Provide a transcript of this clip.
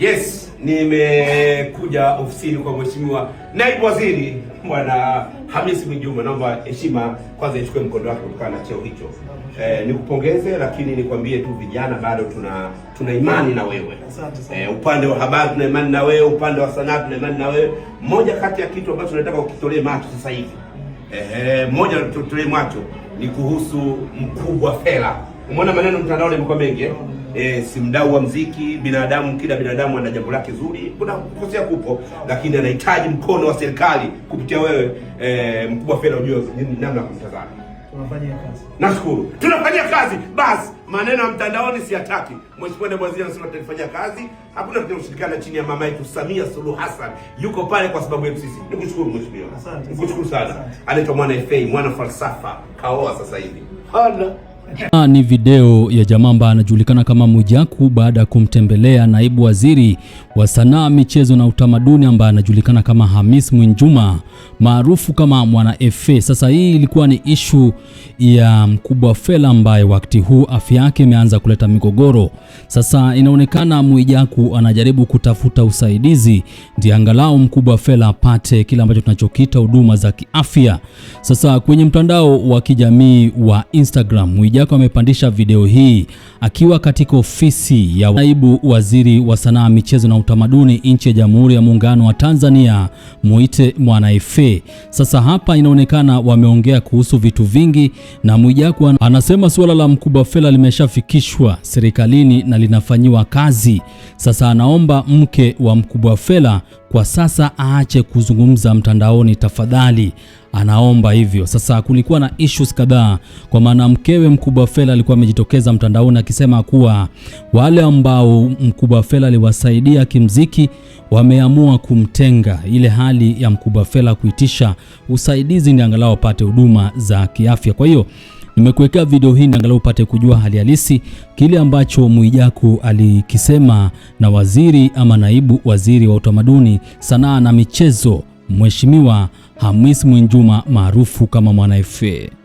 Yes, nimekuja ofisini kwa mheshimiwa naibu waziri bwana Hamisi Mwinjuma. Naomba heshima kwanza ichukue mkondo wake kutokana na cheo hicho. Eh, nikupongeze, lakini nikwambie tu vijana bado tuna tuna imani na wewe. Eh, upande wa habari tuna imani na wewe, upande wa sanaa tuna imani na wewe. Moja kati ya kitu ambacho tunataka ukitolee macho sasa hivi eh, moja tutolee macho ni kuhusu mkubwa Fela. Umeona maneno mtandao yamekuwa mengi eh? e, si mdau wa mziki. Binadamu, kila binadamu ana jambo lake zuri, kuna kukosea kupo, lakini anahitaji mkono wa serikali kupitia wewe e, mkubwa fedha, ujue namna kumtazama. Tunafanyia kazi, nashukuru, tunafanyia kazi. Basi maneno ya mtandaoni siyataki. Mheshimiwa Naibu anasema tunafanyia kazi, hakuna kushirikiana chini ya mama yetu Samia Suluhu Hassan, yuko pale kwa sababu yetu sisi. Nikushukuru mheshimiwa, nikushukuru sana. Anaitwa mwana FA, mwana falsafa, kaoa sasa hivi hana ni video ya jamaa ambaye anajulikana kama Mwijaku baada ya kumtembelea naibu waziri wa sanaa, michezo na utamaduni ambaye anajulikana kama Hamis Mwinjuma maarufu kama Mwana FA. Sasa hii ilikuwa ni ishu ya Mkubwa Fela ambaye wakati huu afya yake imeanza kuleta migogoro. Sasa inaonekana Mwijaku anajaribu kutafuta usaidizi ndio angalau Mkubwa Fela apate kile ambacho tunachokiita huduma za kiafya. Sasa kwenye mtandao wa kijamii wa Instagram Mwijaku Mwijaku amepandisha video hii akiwa katika ofisi ya naibu waziri wa sanaa, michezo na utamaduni nchi ya Jamhuri ya Muungano wa Tanzania, muite Mwanaefe. Sasa hapa inaonekana wameongea kuhusu vitu vingi, na Mwijaku anasema suala la Mkubwa Fella limeshafikishwa serikalini na linafanyiwa kazi. Sasa anaomba mke wa Mkubwa Fella kwa sasa aache kuzungumza mtandaoni tafadhali, anaomba hivyo. Sasa kulikuwa na issues kadhaa, kwa maana mkewe Mkubwa Fela alikuwa amejitokeza mtandaoni akisema kuwa wale ambao Mkubwa Fela aliwasaidia kimziki wameamua kumtenga, ile hali ya Mkubwa Fela kuitisha usaidizi ndio angalau apate huduma za kiafya. Kwa hiyo Nimekuwekea video hii angalau upate kujua hali halisi kile ambacho Mwijaku alikisema na waziri ama naibu waziri wa utamaduni, sanaa na michezo, Mheshimiwa Hamis Mwinjuma maarufu kama Mwanaefe.